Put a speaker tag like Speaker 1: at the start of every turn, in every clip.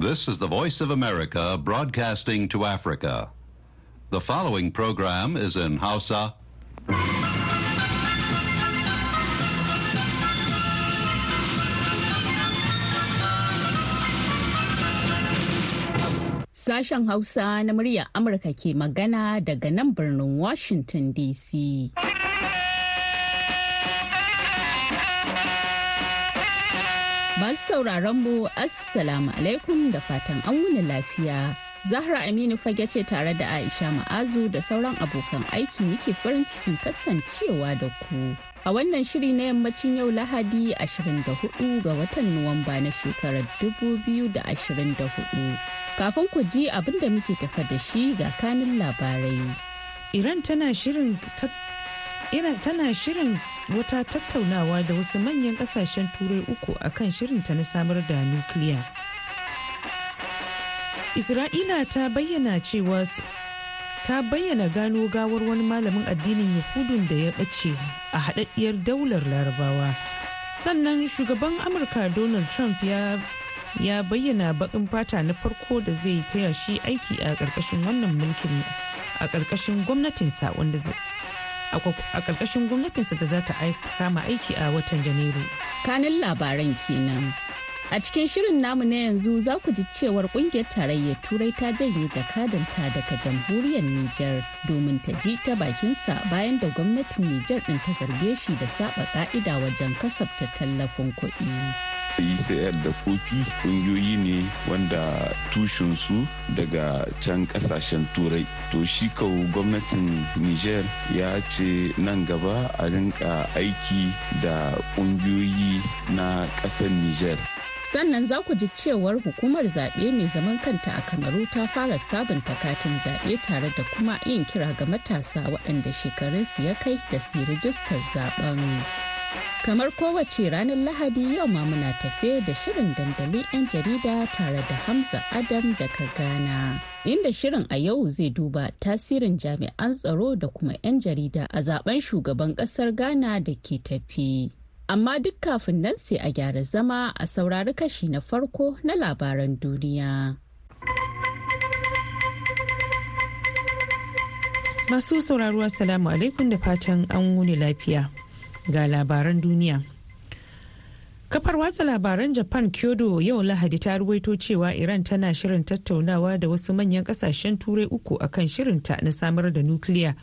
Speaker 1: This is the Voice of America broadcasting to Africa. The following program is in Hausa.
Speaker 2: Sashen Hausa na muryar Amurka ke magana daga nan birnin Washington DC. Masu sauraron mu Assalamu alaikum da fatan an wuni lafiya. Zahra Aminu fage ce tare da Aisha Ma'azu da sauran abokan aiki muke farin cikin kasancewa da ku. A wannan shiri na yammacin yau Lahadi 24 ga watan Nuwamba na shekarar 2024. Kafin ku ji abin da muke tafa da shi ga
Speaker 1: kanin labarai. Iran tana shirin wata tattaunawa da wasu manyan kasashen turai uku akan shirinta na samar da nukiliya. Isra'ila ta bayyana cewa ta bayyana gano gawar wani malamin addinin yahudun da ya ɓace a haɗaɗɗiyar daular larabawa sannan shugaban amurka donald trump ya ya bayyana baƙin fata na farko da zai taya shi aiki a ƙarƙashin wannan mulkin a ƙarƙashin gwamnatinsa wanda a ƙarƙashin gwamnatinsa da za ta kama aiki a watan janairu
Speaker 2: kanin labaran kenan A cikin shirin namu na yanzu za ku ji cewar kungiyar tarayyar Turai ta janye jakadanta daga jamhuriyar Nijar domin ta ji ta bakinsa bayan da gwamnatin Nijar ɗin ta zarge shi da saba ka'ida wajen kasafta tallafin kuɗi.
Speaker 3: ICL da kofi kungiyoyi ne wanda tushensu daga can kasashen turai to shi kawo gwamnatin nijar ya ce nan gaba a rinka aiki da kungiyoyi na ƙasar nijar
Speaker 2: sannan za ku ji cewar hukumar zaɓe mai zaman kanta a kamaru ta fara sabunta katin zaɓe tare da kuma yin kira ga matasa waɗanda shekarunsu ya kai da su rijistar zaɓen kamar kowace ranar lahadi yau ma muna tafe da shirin dandalin 'yan jarida tare da hamza adam da daga ghana inda shirin a yau zai duba tasirin jami'an tsaro da kuma 'yan jarida a zaben shugaban ƙasar ghana da ke tafi amma duk kafin nan sai a gyara zama a saurari kashi na farko
Speaker 1: na labaran duniya. Masu sauraro salamu alaikum da fatan an wuni lafiya ga labaran duniya. Kafar watsa labaran Japan Kyodo yau Lahadi ta ruwaito cewa Iran tana shirin tattaunawa da wasu manyan kasashen turai uku akan shirinta na samar da nukiliya.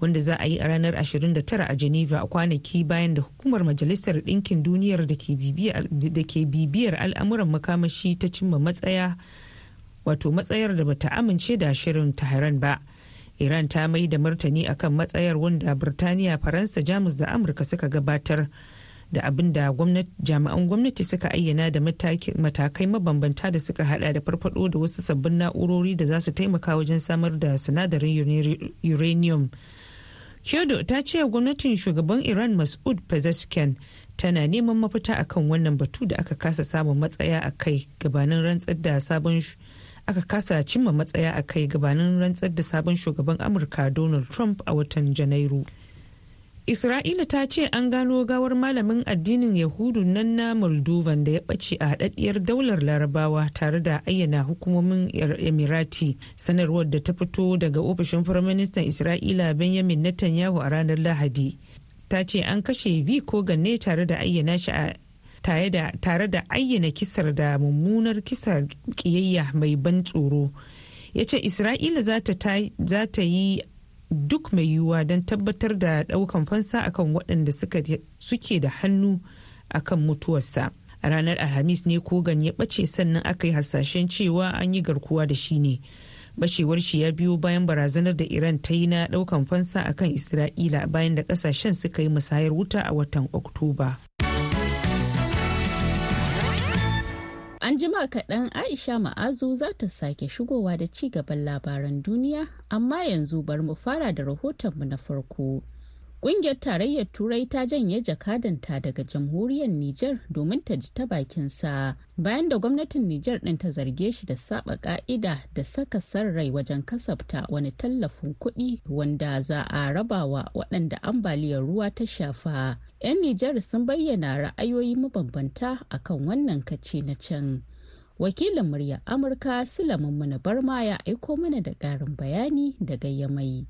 Speaker 1: wanda za a yi a ranar 29 a geneva a kwanaki bayan da hukumar majalisar ɗinkin duniyar da ke bibiyar al'amuran makamashi ta cimma matsaya wato matsayar da bata amince da shirin tehran ba iran ta mai da martani akan matsayar wanda birtaniya faransa jamus da amurka suka gabatar da abin da jami'an gwamnati suka ayyana da matakai mabambanta da suka hada da farfado da wasu sabbin na'urori da za su taimaka wajen samar da sinadarin uranium kyodo ta ce gwamnatin shugaban iran masud pezeshkian tana neman mafita akan wannan batu da aka kasa samun matsaya a kai gabanin rantsar da sabon aka kasa cimma matsaya a kai gabanin rantsar da sabon shugaban amurka donald trump a watan janairu Isra'ila ta ce an gano gawar malamin addinin Yahudu nan na Moldovan da ya ɓace a haɗaɗɗiyar daular Larabawa tare da ayyana hukumomin er-, Emirati. Sanarwar da ta fito daga ofishin Firaministan Isra'ila Benjamin Netanyahu a ranar Lahadi. Ta ce an kashe ko ko tare da ayyana shi a tare da ayyana kisar da mummunar kisar kiyayya mai ban tsoro. ya ce isra'ila za ta yi duk mai yiwuwa don tabbatar da daukan fansa akan waɗanda suke da hannu akan mutuwarsa a ranar alhamis ne kogan ya ɓace sannan aka yi hasashen cewa an yi garkuwa da shi ne bashewar shi ya biyo bayan barazanar da iran ta yi na daukan fansa akan isra'ila bayan da ƙasashen suka yi musayar wuta a watan oktoba
Speaker 2: An jima kaɗan Aisha Ma'azu za ta sake shigowa da ci gaban labaran duniya, amma yanzu bari mu fara da rahotonmu na farko. Ƙungiyar tarayyar Turai ta janye jakadanta daga jamhuriyar Nijar domin ta ji ta bakinsa bayan da gwamnatin Nijar ɗin ta zarge shi da saba ka'ida da saka san rai wajen kasafta wani tallafin kuɗi wanda za a rabawa waɗanda ambaliyar ruwa ta shafa. 'Yan Nijar sun bayyana ra'ayoyi mabambanta akan wannan kace na can. Wakilin murya Amurka Sulaiman Muna Barma ya aiko mana da ƙarin bayani daga Yamai.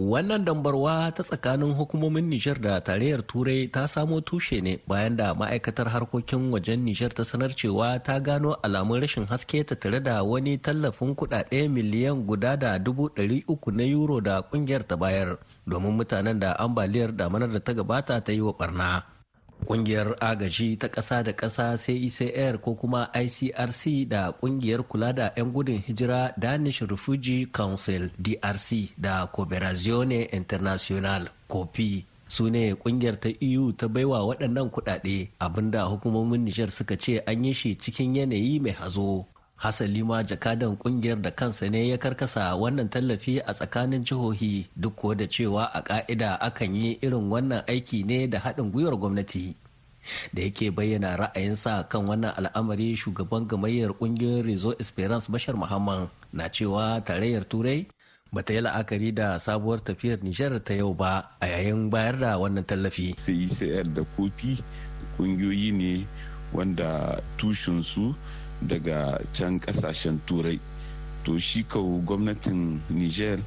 Speaker 4: Wannan dambarwa ta tsakanin hukumomin Nijar da tarayyar Turai ta samo tushe ne bayan da ma'aikatar harkokin wajen Nijar ta sanar cewa ta gano alamun rashin haske ta tare da wani tallafin kudade miliyan guda da dubu ɗari uku na euro da kungiyar ta bayar domin mutanen da ambaliyar damanar da ta gabata ta yi wa barna. Ƙungiyar agaji ta ƙasa da ƙasa CICR e ko kuma ICRC da ƙungiyar kula da 'yan gudun hijira Danish Refugee Council DRC da Cooperazione International COPI su ne kungiyar ta EU ta baiwa waɗannan kuɗaɗe abinda hukumomin Nijar suka ce an yi shi cikin yanayi mai hazo hasali ma jakadan kungiyar da kansa ne ya karkasa wannan tallafi a tsakanin jihohi duk ko da cewa a ka'ida akan yi irin wannan aiki ne da haɗin gwiwar gwamnati da yake bayyana ra'ayinsa kan wannan al'amari shugaban gamayyar ƙungiyoyin rezo esperance bashar muhammad na cewa tarayyar turai ba ta yi la'akari da sabuwar tafiyar nijar ta yau ba a yayin bayar da wannan tallafi sayar da kofi ƙungiyoyi ne wanda tushensu
Speaker 3: daga can kasashen turai to shi kawo gwamnatin niger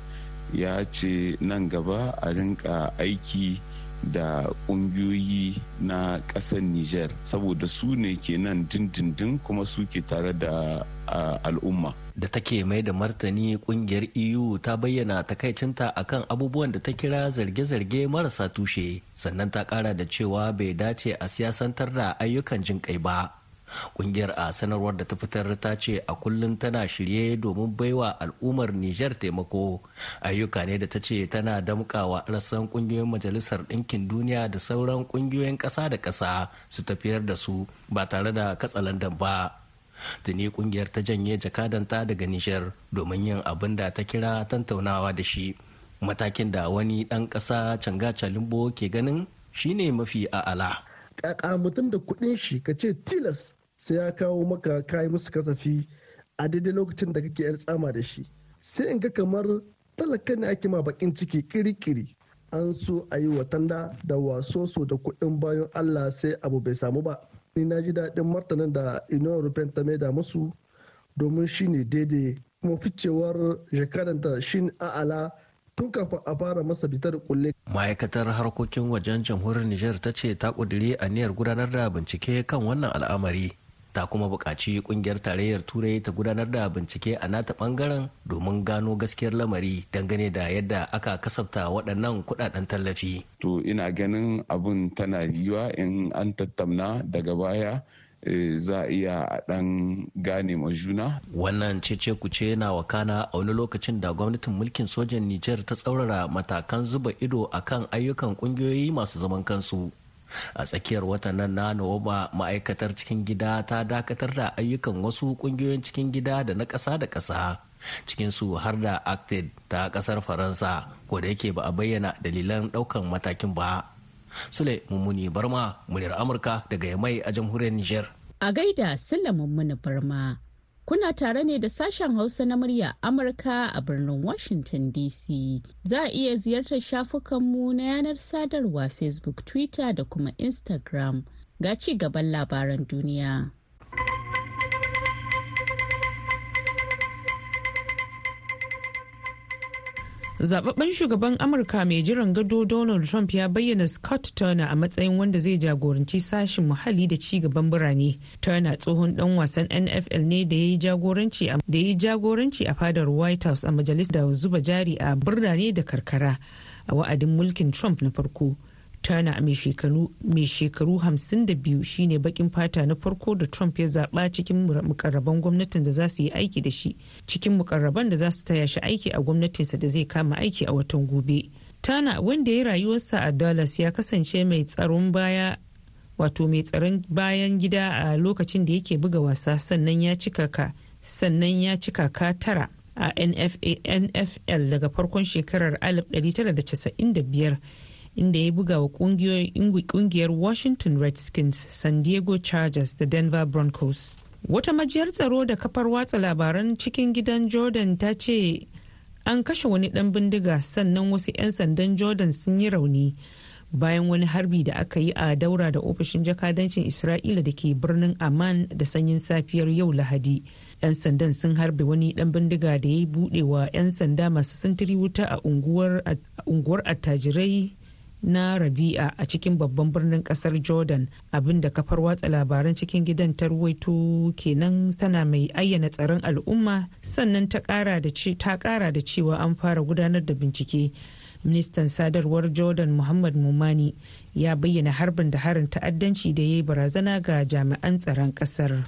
Speaker 3: ya ce nan gaba a rinka aiki da ƙungiyoyi na ƙasar niger saboda su ne ke nan dindindin
Speaker 4: kuma su ke tare da al'umma da take mai da martani kungiyar eu ta bayyana takaicinta akan abubuwan da ta kira zarge-zarge marasa tushe sannan ta kara da cewa bai dace a siyasantar da ayyukan jin kai ba Kungiyar a sanarwar da ta fitar ta ce a kullum tana shirye domin baiwa al'ummar Nijar taimako. Ayyuka ne da ta ce tana damƙawa rassan kungiyoyin Majalisar Ɗinkin Duniya da sauran kungiyoyin ƙasa da ƙasa su tafiyar da su ba tare da katsalandan ba. tuni kungiyar ta janye jakadanta daga Nijar, domin yin abin da ta kira tantaunawa da shi matakin da wani ɗan ƙasa canga calimbo ke ganin shine mafi a'ala.
Speaker 5: Ƙaƙa mutum da kuɗin shi ka ce tilas sai ya kawo maka kayi musu kasafi a daidai lokacin da kake yar tsama da shi sai in ga kamar talaka ne ake ma bakin ciki kirikiri an so a yi watanda da waso so da kuɗin bayan allah sai abu bai samu ba ni na ji daɗin martanin da union european ta maida musu domin shi ne daidai kuma ficewar jakadanta shin a'ala tun kafin a fara masa bitar kulle.
Speaker 4: ma'aikatar harkokin wajen jamhuriyar niger ta ce ta ƙudiri aniyar gudanar da bincike kan wannan al'amari ta kuma buƙaci ƙungiyar tarayyar turai ta gudanar da bincike a nata ɓangaren domin gano gaskiyar lamari dangane da yadda aka kasafta waɗannan kuɗaɗen tallafi.
Speaker 3: To ina ganin abun tana yiwa in an tattauna daga baya eh, za a iya a
Speaker 4: ɗan gane ma juna. Wannan cece kuce na wakana a wani lokacin da gwamnatin mulkin sojan Nijar ta tsaurara matakan zuba ido akan ayyukan ƙungiyoyi masu zaman kansu. a tsakiyar watan na nuwamba ma'aikatar cikin gida ta dakatar da ayyukan wasu kungiyoyin cikin gida da na ƙasa da ƙasa su har da acted ta ƙasar faransa ko da yake ba a bayyana dalilan ɗaukan matakin ba sule mummuni barma muryar amurka daga yamai a jamhuriyar niger
Speaker 2: a gaida sule mummuni barma Kuna tare ne da sashen Hausa na murya Amurka a birnin Washington DC. Za a iya ziyartar shafukanmu na yanar sadarwa Facebook, Twitter da kuma Instagram. Ga ci gaban labaran duniya.
Speaker 1: zababben shugaban amurka mai jiran gado donald trump ya bayyana scott turner a matsayin wanda zai jagoranci sashen muhalli da ci gaban birane turner tsohon dan wasan nfl ne da ya yi jagoranci a fadar white house a majalisar da zuba jari a birane da karkara a wa'adin mulkin trump na farko turner mai shekaru 52 shine bakin fata na farko da trump ya zaba cikin mukarraban gwamnatin da za su yi aiki da shi cikin mukarraban da za su taya shi aiki a gwamnatinsa da zai kama aiki a watan gobe tana wanda ya rayuwarsa a dallas ya kasance mai tsaron baya wato mai tsaron bayan gida a lokacin da yake buga wasa sannan ya cika ka sannan ya cika ka tara a nfl daga farkon shekarar 1995 inda ya buga wa kungiyar Washington Redskins, San Diego Chargers da Denver Broncos. Wata majiyar tsaro da kafar watsa labaran cikin gidan Jordan ta ce an kashe wani ɗan bindiga sannan wasu 'yan sandan Jordan sun yi rauni bayan wani harbi da aka yi a daura da ofishin jakadancin Isra'ila da ke birnin Amman da sanyin safiyar yau Lahadi. 'yan sandan sun harbe wani dan bindiga da ya buɗe wa 'yan sanda masu sintiri wuta a unguwar attajirai na rabi'a a cikin babban birnin kasar jordan abinda kafar watsa labaran cikin gidan tarwaito kenan tana mai ayyana tsaron al'umma sannan ta kara da cewa an fara gudanar da bincike ministan sadarwar jordan muhammad mumani ya bayyana harbin da harin ta'addanci da ya yi barazana ga jami'an tsaron kasar.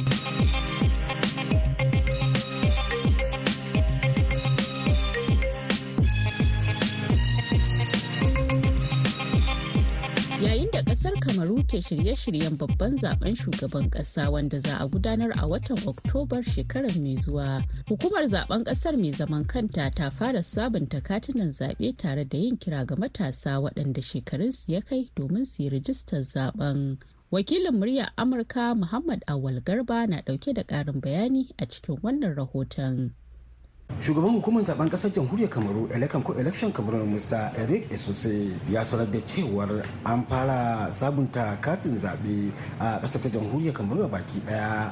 Speaker 2: kasar kamaru ke shirye-shiryen babban zaben shugaban kasa wanda za a gudanar a watan oktobar shekarar mai zuwa hukumar zaben kasar mai zaman kanta ta fara sabunta katunan zaɓe tare da yin kira ga matasa waɗanda shekarunsu ya kai domin su yi rijistar zaben wakilin muryar amurka muhammad awal garba na ɗauke da ƙarin bayani a cikin wannan rahoton
Speaker 6: shugaban hukumar zaben kasar jamhuriyar kamaru elekan ko election kamaru mr eric esose ya sanar da cewar an fara sabunta katin zaɓe a ƙasar ta jamhuriyar kamaru baki daya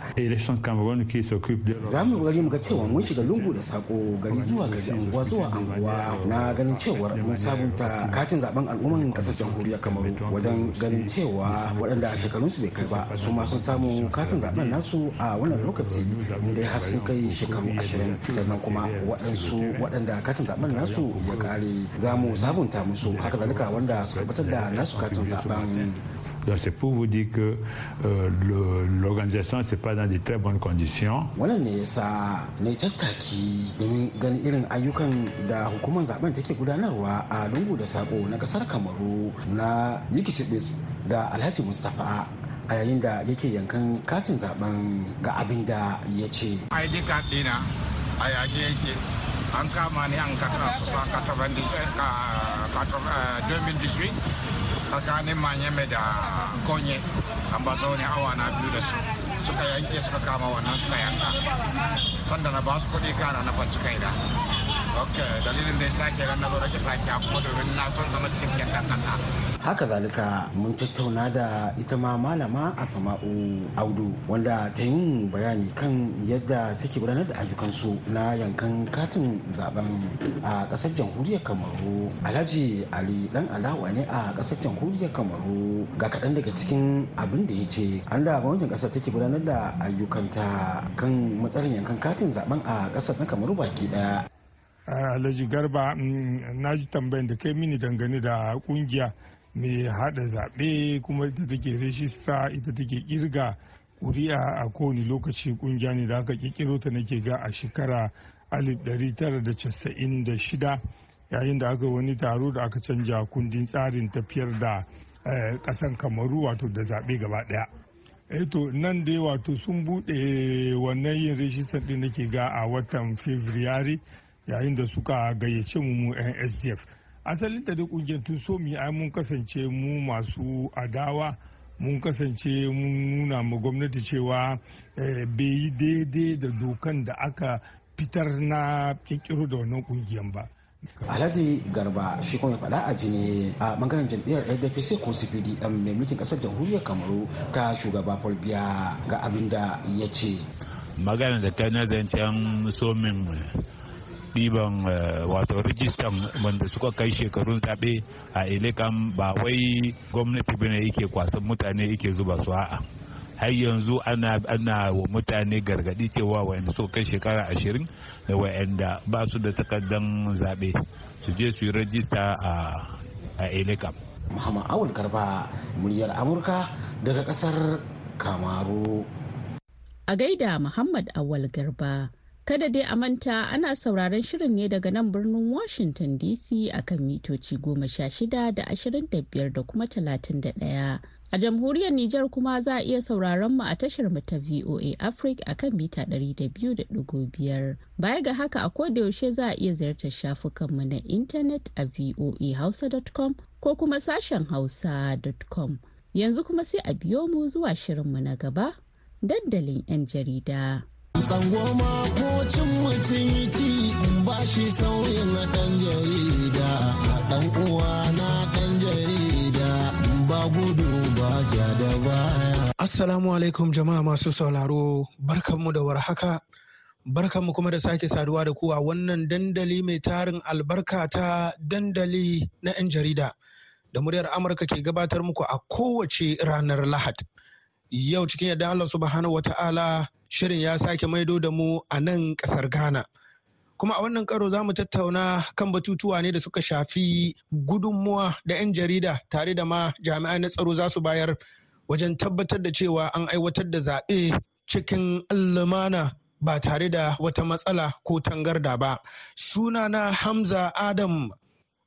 Speaker 6: za mu gari muka cewa mun shiga lungu da sako gari zuwa gari anguwa zuwa anguwa na ganin cewar mun sabunta katin zaben al'umman kasar jamhuriyar kamaru wajen ganin cewa waɗanda shekarun su bai kai ba su ma sun samu katin zaben nasu a wannan lokaci inda har sun kai shekaru ashirin sannan kuma waɗansu waɗanda katin zaben nasu ya kare za mu sabunta musu haka zalika wanda suka batar da nasu katin zaben
Speaker 3: c'est pour vous dire que euh, l'organisation, c'est pas dans de très bonnes conditions.
Speaker 6: Wannan ne yasa ne tattaki domin ganin irin ayyukan da hukumar zaben take gudanarwa a lungu da sako na kasar Kamaru na Yikicibis da Alhaji Mustapha a yayin da yake yankan katin zaben ga abin da ya ce.
Speaker 3: ID card a yage yake an kama ni an kata su sa 2018 eh, eh, tsakanin manyame da konye an ba zaune awa na biyu da su suka yanke suka kama wannan suka yanka
Speaker 6: sanda na ba su kuɗi kana na fanci da. haka zalika mun tattauna da ita ma malama asama'u audu wanda ta yin bayani kan yadda suke gudanar da ayyukansu na yankan katin zaben a kasar jamhuriyar kamaru alhaji ali dan alawa ne a kasar jamhuriyar kamaru ga kaɗan daga cikin abin da ya ce an da gwamnatin kasar take gudanar da ayyukanta kan matsalin yankan katin zaben a kasar na kamaru baki daya alhaji garba mm,
Speaker 3: na ji tambayan da kai mini dangane da kungiya mai hada zaɓe kuma ita take rejista ita take kirga kuri'a a kowane lokaci kungiya ne da aka kirkiro ta nake ga a shekara 1996 yayin da aka wani taro da aka canja kundin tsarin tafiyar da kasan eh, kamaru wato da zaɓe gaba ɗaya eto eh nan dai wato sun buɗe wannan yin rejistar ɗin nake ga a watan fabrairu yayin da suka gayyace mu 'yan sdf asalin da kungiyar tun so mu ai mun kasance mu masu adawa mun kasance mun nuna ma gwamnati cewa eh, bai yi daidai da dokan da aka fitar na kirkiro da wannan kungiyar ba
Speaker 6: alhaji garba shi kuma faɗa a jini a bangaren jam'iyyar ldpc ko cpd dan mai mulkin kasar jamhuriyar kamaru ta shugaba biya ga abinda ya ce
Speaker 3: magana da ta nazarci zancen somin ɗiban eh, wato rijistan wanda suka kai shekarun zaɓe a ilikan ba wai gwamnati bane yake kwasan mutane yake zuba su a'a har yanzu ana wa mutane gargadi cewa wayanda suka kai shekara ashirin da wayanda ba su da takardar zaɓe su je su
Speaker 6: yi rajista a ilikan muhammad awul garba muryar amurka daga kasar kamaru
Speaker 2: a gaida muhammad awal garba Kada dai a manta ana sauraron shirin ne daga nan birnin Washington DC akan mitoci goma sha shida da ashirin da biyar da kuma talatin da ɗaya. A jamhuriyar Nijar kuma za a iya sauraron mu a tashar mu ta VOA Africa a kan mita 200.5. Baya ga haka a yaushe za a iya ziyartar shafukan mu na intanet a voahausa.com ko kuma sashen hausa.com. Yanzu kuma sai a biyo mu zuwa shirin mu na gaba dandalin 'yan jarida. Tsangoma
Speaker 5: makocin cin ba shi sauyin na ɗan jarida, ɗan uwa na kan jarida, ba gudu ba baya. Assalamu alaikum jama'a masu sauraro, barkanmu da warhaka. Barkanmu kuma da sake saduwa da kuwa wannan dandali mai tarin albarka ta dandali na 'yan jarida da muryar Amurka ke gabatar muku a kowace ranar Lahad. Yau cikin yadda Allah subhanahu wa ta'ala shirin ya sake maido da mu a nan kasar Ghana. Kuma a wannan karo za mu tattauna kan batutuwa ne da suka shafi gudunmuwa da 'yan jarida tare da ma jami'ai na tsaro za su bayar wajen tabbatar da cewa an aiwatar da zaɓe cikin lumana ba tare da wata matsala ko tangarda ba. Sunana Hamza Adam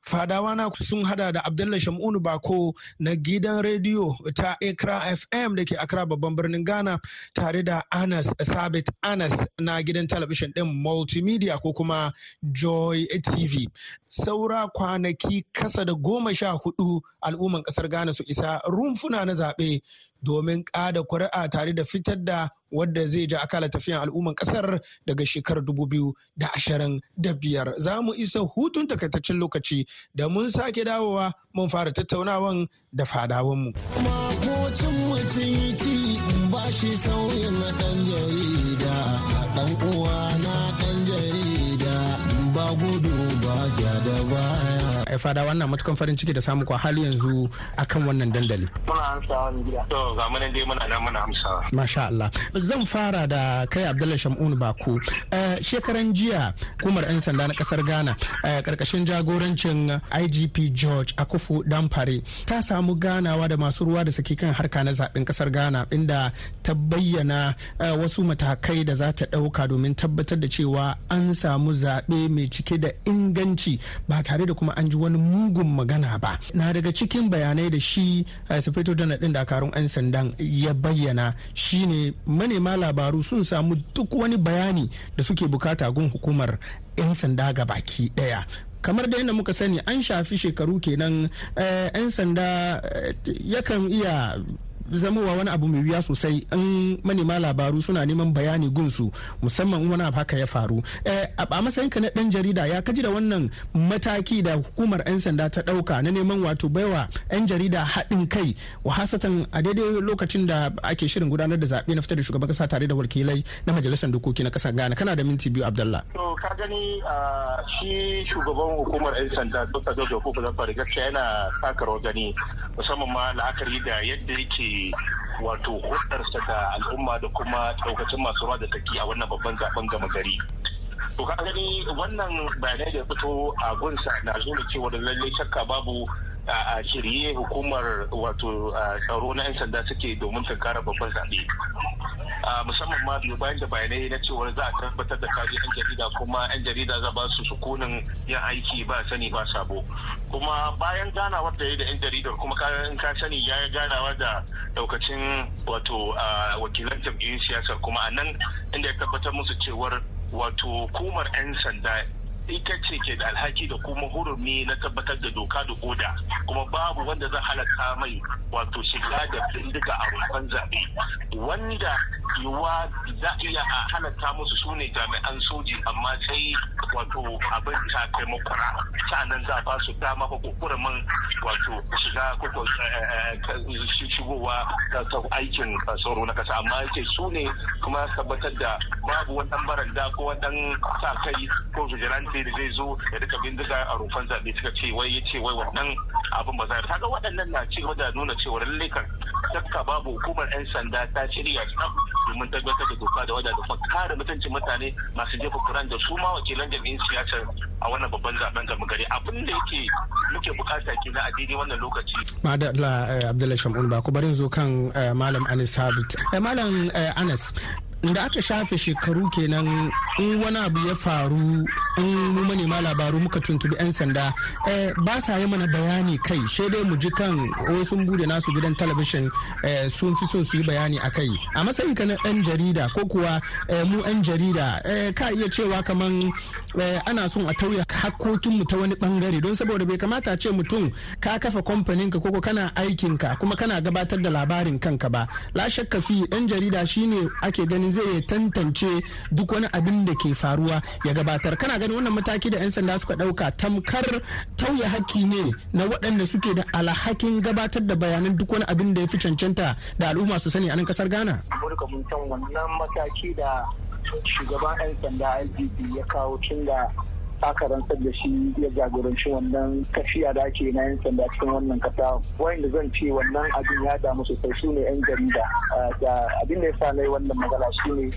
Speaker 5: fadawa na sun hada da abdullah shamunu bako na gidan rediyo ta Accra FM da ke Accra babban birnin Ghana tare da Anas Sabit Anas na gidan talabishin ɗin Multimedia ko kuma Joy TV. Saura kwanaki kasa da goma sha hudu al'umman ƙasar Ghana su isa rumfuna na zaɓe domin ƙada kuri'a tare da fitar da wadda zai ja akala tafiyan al'umman kasar daga shekarar dubu biyu da ashirin da biyar za mu isa hutun takaitaccen lokaci da mun sake dawowa mun fara tattaunawan da fadawanmu. ba shi sauyin ɗan jarida ɗan
Speaker 7: uwa na
Speaker 5: ba gudu ba ja da fada wannan matukan farin ciki da samu kwa hali yanzu akan wannan dandali
Speaker 7: muna amsawa ne
Speaker 3: gida to ga dai muna nan muna amsawa
Speaker 5: masha Allah zan fara da kai Abdullahi Shamun Baku eh, shekaran jiya kumar yan sanda na kasar Ghana karkashin eh, jagorancin IGP George Akufu Danfare ta samu ganawa da masu ruwa da suke kan harka na zaben kasar Ghana inda ta bayyana eh, wasu matakai da za ta ɗauka domin tabbatar da cewa an samu zaɓe mai cike da inganci ba tare da kuma an ji wani mugun magana ba na daga cikin bayanai da shi eh, sufeto da din dakarun 'yan sandan ya bayyana shine manema labaru sun samu duk wani bayani da suke bukata gun hukumar 'yan sanda ga baki daya kamar da yadda muka sani an shafi shekaru kenan 'yan eh, sanda eh, yakan iya zamowa wani abu mai wuya sosai in manema labaru suna neman bayani gunsu musamman wani abu haka ya faru eh, a ka na dan jarida ya kaji da wannan mataki da hukumar 'yan sanda ta dauka na neman wato baiwa 'yan jarida haɗin kai wa a daidai lokacin da ake shirin gudanar da zaɓe na fitar da shugaban kasa tare da wakilai na majalisar dokoki na ƙasar ghana kana da minti biyu abdallah.
Speaker 3: to ka gani shi shugaban hukumar 'yan sanda dr jojo kuka kuma fara yana taka rawar gani musamman ma la'akari da yadda yake wato hulɗarsa ga al'umma da kuma ɗaukacin masu ruwa da tsaki a wannan babban zaben gama gari to ka gani wannan bayanai da fito a gunsa na zo da cewa da lallai shakka babu a shirye hukumar wato tsaro na 'yan sanda suke domin kara babban zaɓe musamman ma biyu bayan da bayanai na cewar za a tabbatar da kari 'yan jarida kuma 'yan jarida za ba su sukunin yin aiki ba sani ba sabo kuma bayan ganawar da ya da 'yan jaridar kuma in ka sani ya yi ganawa da daukacin wato wakilan jam'iyyun siyasar kuma a nan inda ya tabbatar musu cewar wato hukumar 'yan sanda ita ce ke da alhaki da kuma hurumi na tabbatar da doka da oda kuma babu wanda zai halatta mai wato shiga da bindiga a rumfan zaɓe wanda yiwuwa za a iya a halatta musu su ne jami'an soji amma sai wato abin ta kai makwara sa'annan za a ba dama ko kokuramin wato shiga ko eh, eh, shigowa ta aikin tsaro na kasa amma yake su ne kuma tabbatar da babu wani baranda ko wani sa kai ko vigilante Zubairu zai zo ya rika bindiga a rufan zaɓe suka ce wai ya ce wai wannan abin ba za ta ga waɗannan na ci gaba da nuna cewa lallai kan takka babu hukumar 'yan sanda ta shirya tsaf domin tabbatar da doka da wadda kuma kare mutuncin mutane masu jefa kuran da su ma wakilan jami'in siyasa a wannan babban zaben ga gari abin da yake muke bukata ke na daidai wannan lokaci.
Speaker 5: Madalla eh, Abdullahi ba ku bari zo kan eh, Malam Anis Habit. Eh, Malam Anas da aka shafe shekaru kenan in wani abu ya faru mu manema labaru muka tuntubi 'yan sanda eh, ba sa yi mana bayani kai sai dai mu ji kan sun bude nasu gidan talabishin eh, sun fi so su yi bayani a kai a matsayin ka na 'yan jarida ko kuwa eh, mu 'yan jarida ka iya cewa kaman ana son a tauya hakkokin mu ta wani bangare don saboda bai kamata a ce mutum ka kafa kamfanin ka koko kana aikin ka kuma kana gabatar da labarin kanka ba la shakka fi 'yan jarida shine ake ganin zai tantance duk wani abin da ke faruwa ya gabatar kana gani wannan mataki da 'yan sanda suka ɗauka tamkar tauye haƙƙi ne na waɗanda suke da alhakin gabatar da bayanan duk wani abin da ya fi cancanta da al'umma su sani a nan ƙasar ghana
Speaker 7: mun wannan mataki da shugaban 'yan sanda ya kawo aka rantsar da shi ya jagoranci wannan tafiya da ake na yan sanda cikin wannan kasa wanda zan ce wannan abin ya damu sosai su ne yan jarida da abin da ya sa na wannan magana shi ne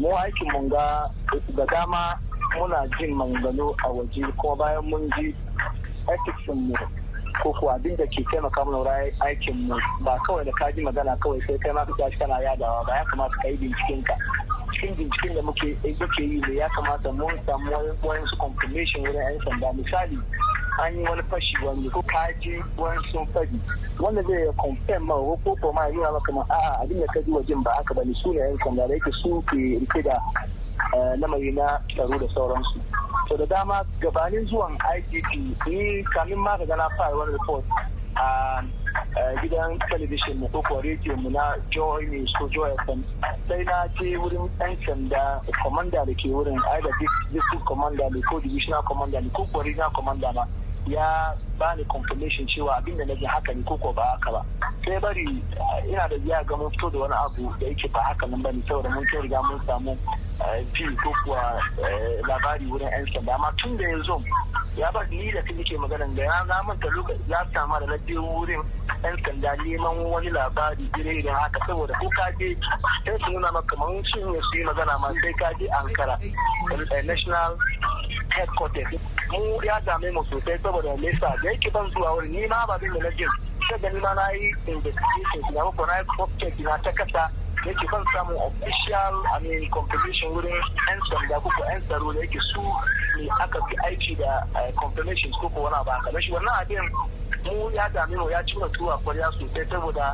Speaker 7: mu aikin mun ga da dama muna jin mangano a waje kuma bayan mun ji ethics mu ko kuwa abin da ke taimaka mana wurin aikin mu ba kawai da ka ji magana kawai sai kai ma ka tashi kana yadawa ba ya kamata ka yi binciken ka cikin binciken da muke yake eh, yi ne ya kamata mun samu wani su confirmation wurin yan sanda misali an yi wani fashi wani ko ka je wani sun fadi wanda zai yi confirm ma ko ko ma wa maka a'a abin da ka ji wajen ba haka ne su ne yan sanda da yake su ke rike da Eh, lamari na tsaro da sauransu to da dama gabanin zuwan IGP ni kamin ma ga na fara wani report a eh, gidan television mu ko radio mu na Joy ne ko Joy FM sai na je wurin ɗan sanda commander da ke wurin either district commander ne ko divisional commander ne ko na commander ma ya ba ni confirmation cewa abinda na ji haka ne koko ba haka ba sai bari eh, ina da ya ga mun fito da wani abu da yake ba haka nan ba ni saboda mun kai riga mun samu eh, fil ko kuwa eh, labari wurin yan sanda amma tun da yanzu ya ba ni da kike magana da ya na manta lokaci ya samu da na je wurin yan sanda neman wani labari dire da haka saboda ko ka je sai su nuna maka ne su yi magana ma sai ka je Ankara National headquarters mu ya dame mu sosai saboda lesa da yake ban zuwa wurin ni ma ba zai na jin sai gani ma na yi investigation na ko na yi crop dina ta kasa yake ban samu official I mean confirmation wurin yan sanda kuma yan tsaro da yake su ne aka fi aiki da eh, confirmation ko ko wani ba kamar shi wannan abin mu ya dame mu ya cura tuwa kwarya sosai saboda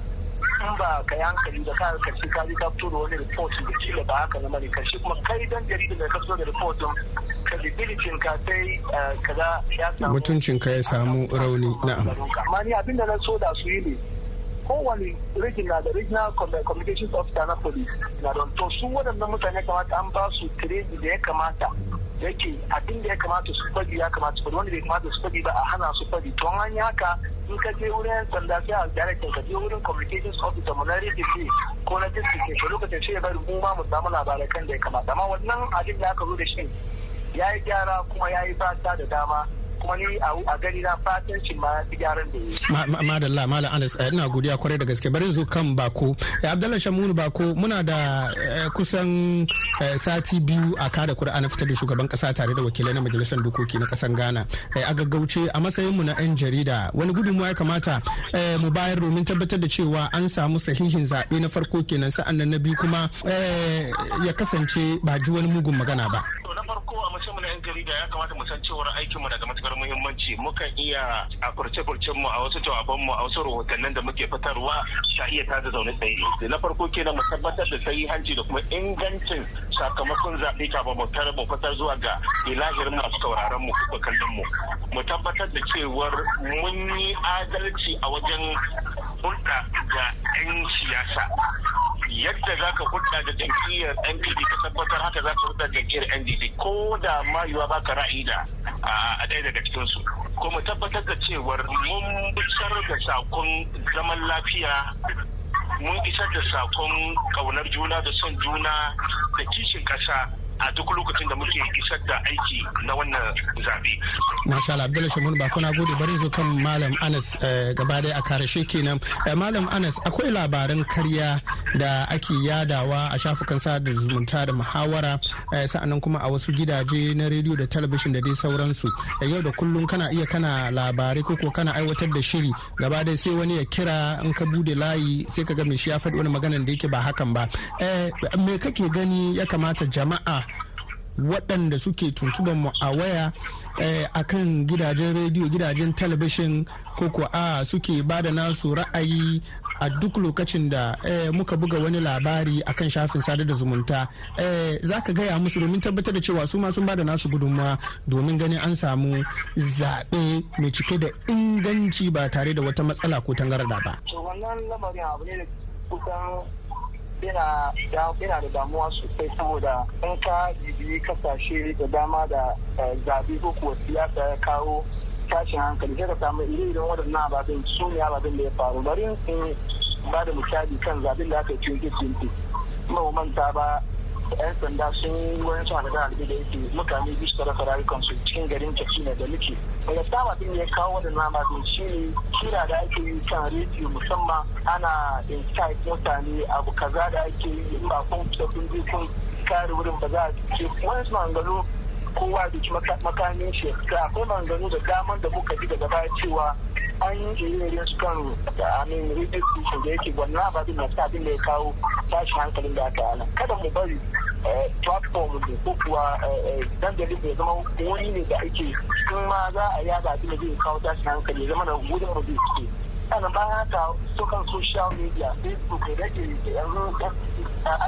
Speaker 7: in ba ka yi hankali da ka karshe ka ji ka fito da wani report da kila ba haka na mani karshe kuma kai dan jaridar da ka fito da report credibility ka sai eh, kaza ya samu
Speaker 5: mutuncin ka ya samu rauni na'am
Speaker 7: amma ni abin da na so da su yi ne kowane na da regional communications of na police na don to su waɗannan mutane kamata an ba su training da ya kamata yake abin da ya kamata su fadi ya kamata su fadi wanda ya kamata su fadi ba a hana su fadi to an haka in ka je wurin yan sanda sai a director ka je wurin communications officer mu na rikici ko na district ke lokacin shi ya bari mu ma mu samu labarai kan da ya kamata amma wannan abin da aka zo da shi ya yi gyara kuma ya yi fata da dama kuma ni a gani na fatan shi ma fi gyaran da yi.
Speaker 5: Madalla Malam Anas eh, ina godiya kwarai da gaske bari zo kan bako. Eh, Abdallah Shamunu bako muna da eh, kusan sati biyu a kada kura na fitar da shugaban kasa tare da wakilai na majalisar dokoki na kasan Ghana. A gaggauce a matsayin mu na 'yan jarida wani gudunmuwa ya kamata mu bayar domin tabbatar da cewa an samu sahihin zaɓe na farko kenan sa'an nan na biyu kuma ya kasance ba ji wani mugun magana ba.
Speaker 3: ya kamata mu san cewar aikinmu na da matukar muhimmanci mukan iya a furce-furcen mu a wasu jawaban mu a wasu rahotannin da muke fitarwa ta iya tada zaune tsaye da na farko kenan mu tabbatar da hanji da kuma ingancin sakamakon zaɓe kafin mu tare mu fitar zuwa ga ilahirin masu tauraron mu ko kallon mu mu tabbatar da cewar mun yi adalci a wajen hulɗa ga 'yan siyasa yadda za ka hudda da jam'iyyar NPD ka tabbatar haka za ka hudda jam'iyyar NDC ko da ma yiwa ba ka ra'ayi da a ɗaya daga cikin su ko mu tabbatar da cewar mun isar da sakon zaman lafiya mun isar da sakon kaunar juna da son juna da kishin ƙasa a duk lokacin da muke isar da aiki na wannan zabe.
Speaker 5: Masha Allah Abdullahi Shamun ba kuna gode bari zo kan Malam Anas eh, gaba ɗaya a karshe kenan. Eh, Malam Anas akwai labaran karya da ake yadawa a shafukan sada zumunta da muhawara eh, sa'annan kuma a wasu gidaje na rediyo da talabijin da dai sauransu. Yau da kullum kana iya kana labarai ko kana aiwatar da shiri gaba ɗaya sai wani ya kira in ka bude layi sai ka ga mai shi ya faɗi wani maganar da yake ba hakan ba. Me kake gani ya kamata jama'a waɗanda suke tuntuban mu a waya eh, a kan gidajen rediyo gidajen talabishin ko kuwa a suke ba da nasu ra'ayi a duk lokacin da eh, muka buga wani labari akan shafin sada da zumunta eh, za ka gaya musu domin tabbatar da cewa su ma sun ba da nasu gudunmawa domin ganin an samu zaɓe mai cike da inganci ba tare da wata matsala ko tangarda ba.
Speaker 7: yana da damuwa sosai saboda in ka bibiyi kasashe da dama da eh, zabi ko kuwa siyasa ya kawo tashin hankali sai ka samu ire-iren waɗannan ababen su ne ababen da ya faru bari in ba da misali kan zabin da aka yi 2020 kuma manta ba 'yan sanda sun yi wani su da da yake mutane biyu su rasa cikin garin cina da muke daga sama din ya kawo da nama din shi ne kira da ake yi kan rediyo musamman ana insight mutane abu kaza da ake yi in ba kun fita kun je kun kare wurin ba za a ce wani su galo kowa da makamin shi ga akwai manganu da daman da muka ji daga baya cewa an yi irin su kan da amin radio da yake wannan abin da ya kawo tashin hankalin da aka ana kada mu bari eh, platform da ko kuwa eh, eh, dandalin da ya zama wuri ne da ake in ma za a yada abin da zai kawo tashin hankali zama da wurin da zai suke sannan ba haka sukan kan social media facebook da ke yanzu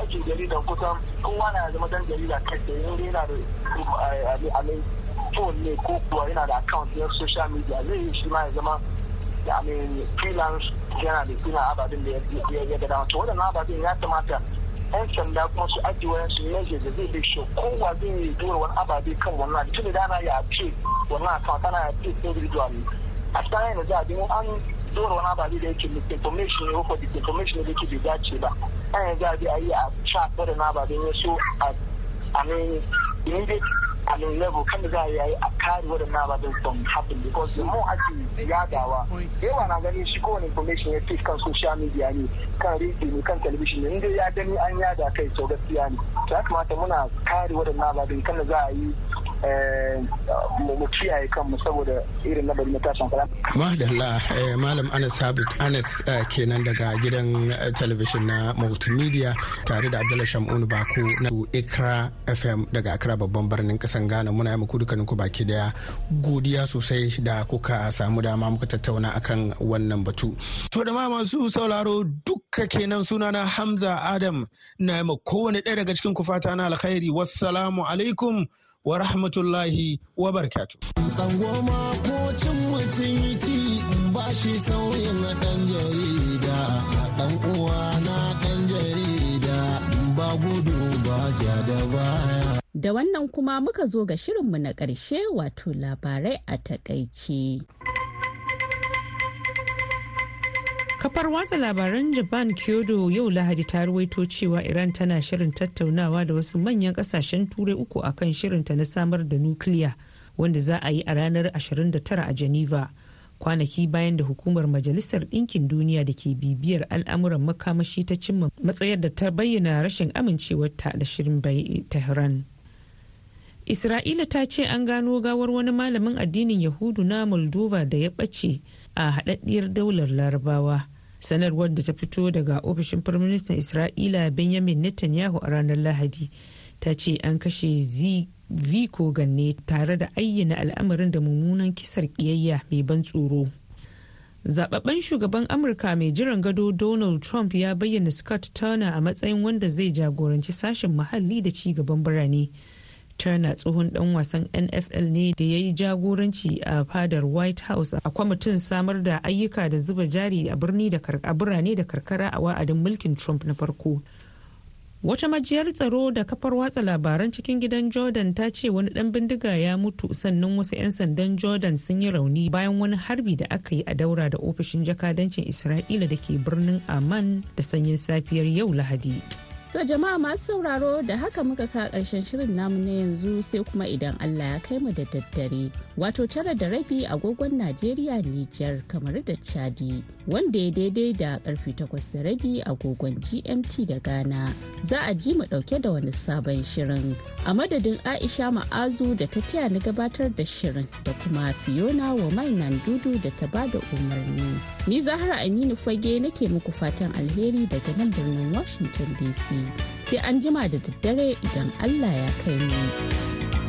Speaker 7: aikin jaridar kusan kowa na zama dan jarida kai da yana da phone ne ko kuwa yana da account na social media zai yi shi ma ya zama da amin freelance yana da suna ababen da ya ga dama to na ababen ya kamata yan sanda kuma su ake wayan su yanzu da zai bishe kowa zai yi dora wani ababe kan wannan tun da ana ya ce wannan account ana ya ce individual after yana za a bi an dora wani ababe da yake misinformation ne da yake bai dace ba an za a bi a yi a sha tare na ababe so a mean immediate I mean level kan da za a yi a kare from happen because ake yadawa yawa na gani shi kowane information ya fi kan social media ne kan radio ne kan television ne inda ya gani an yada kai to gaskiya ne to kamata muna kare waɗannan ababen kan da za a yi Eh, mu kiyaye kanmu saboda irin labari na tashin kala.
Speaker 5: Eh, Malam Anas Habib Anas eh, kenan daga gidan talabijin na multimedia tare da Abdullahi Shamunu Bako na Ikra FM daga Accra babban birnin kasan Ghana muna yi muku dukkanin ku baki daya godiya sosai da kuka samu dama muka tattauna akan wannan batu. To da ma masu sauraro duka kenan sunana Hamza Adam na yi kowane ɗaya daga cikin ku fata na alkhairi wassalamu alaikum. wa rahmatullahi wa barkatu. Tsangoma ko cin mutunci ba shi sauyin ɗan jarida, ɗan uwa na ɗan jarida ba gudu ba ja da baya.
Speaker 2: Da wannan kuma muka zo ga shirinmu na ƙarshe wato labarai a takaice.
Speaker 1: kafar watsa labaran japan kyodo yau lahadi ta ruwaito cewa iran tana shirin tattaunawa da wasu manyan kasashen turai uku akan shirinta na samar da nukiliya wanda za a yi a ranar 29 a geneva kwanaki bayan da hukumar majalisar ɗinkin duniya da ke bibiyar al'amuran makamashi ta cimma matsayar da ta bayyana rashin amincewarta da shirin bai tehran isra'ila ta ce an gano gawar wani malamin addinin yahudu na moldova da ya ɓace a haɗaɗɗiyar daular larabawa sanarwar da ta fito daga ofishin firministan isra'ila benjamin netanyahu a ranar lahadi ta ce an kashe viko ganne tare da ayyana al'amarin da mummunan kisar kiyayya mai ban tsoro zababben shugaban amurka mai jiran gado donald trump ya bayyana scott turner a matsayin wanda zai jagoranci sashen muhalli da ci gaban birane. tana tsohon dan wasan nfl ne da ya yi jagoranci a fadar white house a kwamitin samar da ayyuka da zuba jari a birni da birane da karkara a wa'adin mulkin trump na farko wata majiyar tsaro da kafar watsa labaran cikin gidan jordan ta ce wani dan bindiga ya mutu sannan wasu 'yan sandan jordan sun yi rauni bayan wani harbi da aka yi a daura da ofishin jakadancin isra'ila da ke birnin amman da sanyin safiyar yau lahadi
Speaker 2: To jama'a masu sauraro da haka muka ka ƙarshen shirin namu na yanzu sai kuma idan Allah ya kai mu da daddare. Wato tara da rabi agogon Najeriya Nijar kamar da Chadi wanda ya daidai da karfi takwas da rabi agogon GMT da Ghana. Za a ji mu ɗauke da wani sabon shirin. A madadin Aisha Ma'azu da ta taya ni gabatar da shirin da kuma Fiona wa mainan dudu da ta ba da umarni. Ni Zahra Aminu Fage nake muku fatan alheri daga nan birnin Washington DC. sai an jima da daddare idan Allah ya kai mu.